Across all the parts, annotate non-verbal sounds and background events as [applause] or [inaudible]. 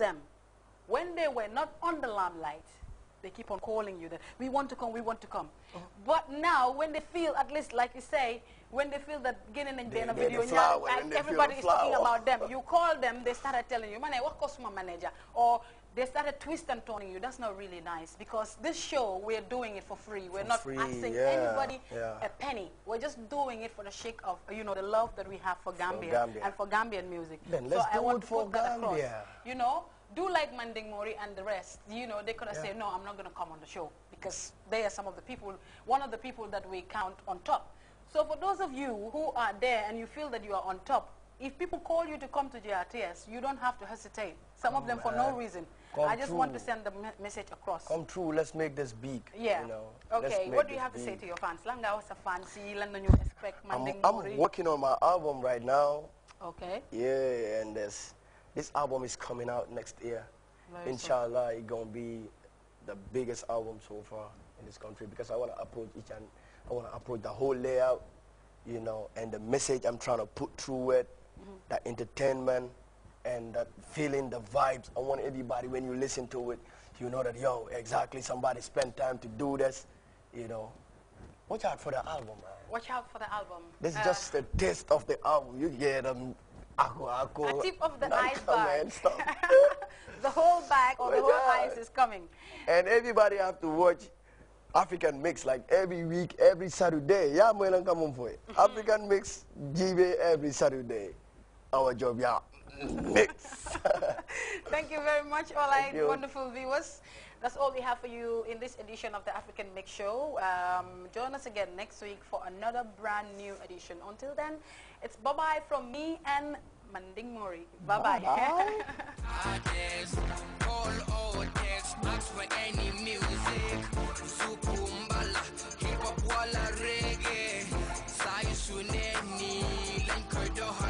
them, when they were not on the limelight, they keep on calling you that we want to come, we want to come. Oh. But now, when they feel, at least like you say, when they feel that Guinea and Bena video, flower, and everybody is talking about them. You call them, they started telling you, man, what customer manager? Or they started twist and turning you. That's not really nice because this show, we're doing it for free. We're for not free, asking yeah, anybody yeah. a penny. We're just doing it for the sake of, you know, the love that we have for Gambia, for Gambia. and for Gambian music. Then let's so do it for Gambia. You know, do like Manding Mori and the rest, you know, they could have yeah. said, no, I'm not going to come on the show because they are some of the people, one of the people that we count on top. So for those of you who are there and you feel that you are on top, if people call you to come to JRTS, you don't have to hesitate. Some come of them for no reason. I just true. want to send the message across. Come true. Let's make this big. Yeah. You know, okay. What do you have big. to say to your fans? Langa was a fancy. Langa you expect Manding I'm, I'm working on my album right now. Okay. Yeah, and there's this album is coming out next year. Inshallah, it's going to be the biggest album so far in this country because I want to approach each and I want to approach the whole layout, you know, and the message I'm trying to put through it, mm -hmm. that entertainment and that feeling, the vibes. I want everybody, when you listen to it, you know that, yo, exactly, somebody spent time to do this, you know. Watch out for the album, man. Watch out for the album. This is uh, just a taste of the album. You get um, Ako, ako. A tip of the iceberg. [laughs] the whole bag or oh the whole ice is coming. And everybody have to watch African Mix like every week, every Saturday. Yeah, mo lang kamon po. Mm-hmm. African Mix, GB every Saturday. Our job, yeah. Mix. [laughs] Thank you very much, all wonderful viewers. That's all we have for you in this edition of the African Mix Show. Um, join us again next week for another brand new edition. Until then, it's bye-bye from me and Manding Mori. Bye-bye. Bye -bye. [laughs]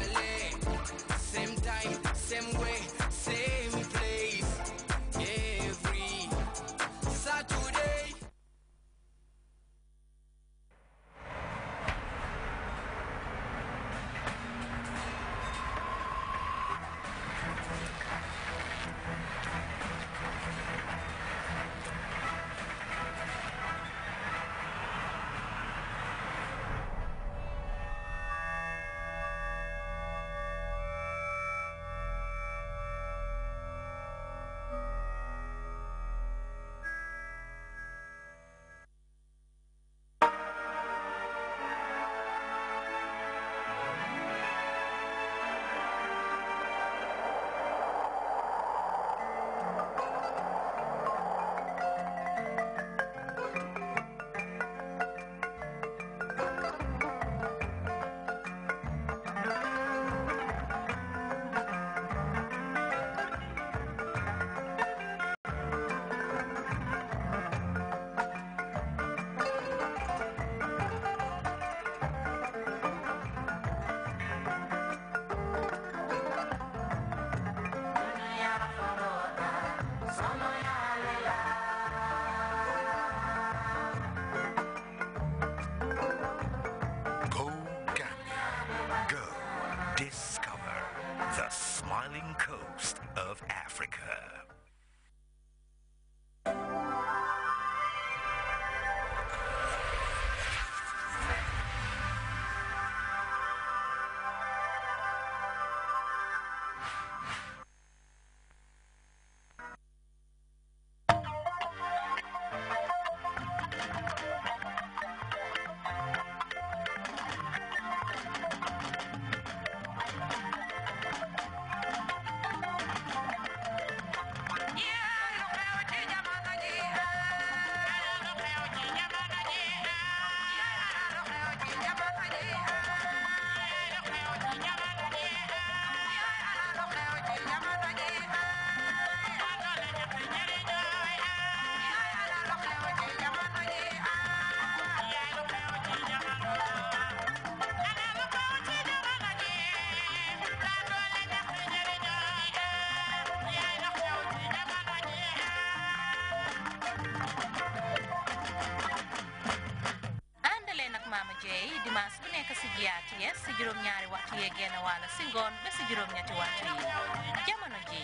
si GRTS si juróom-ñaari waxtu yee genn wàll si ngoon ba si juróom-ñetti waxtu yi jamono ji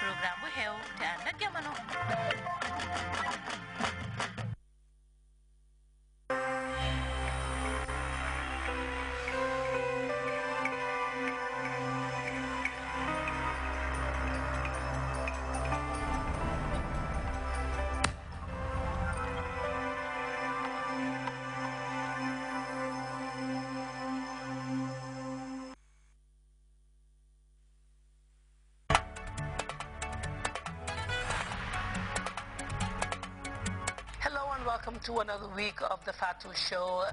program bu xew te ànd ak jamono welcome to another week of The Fatu Show.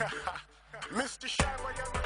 [laughs] Mr. Shaw.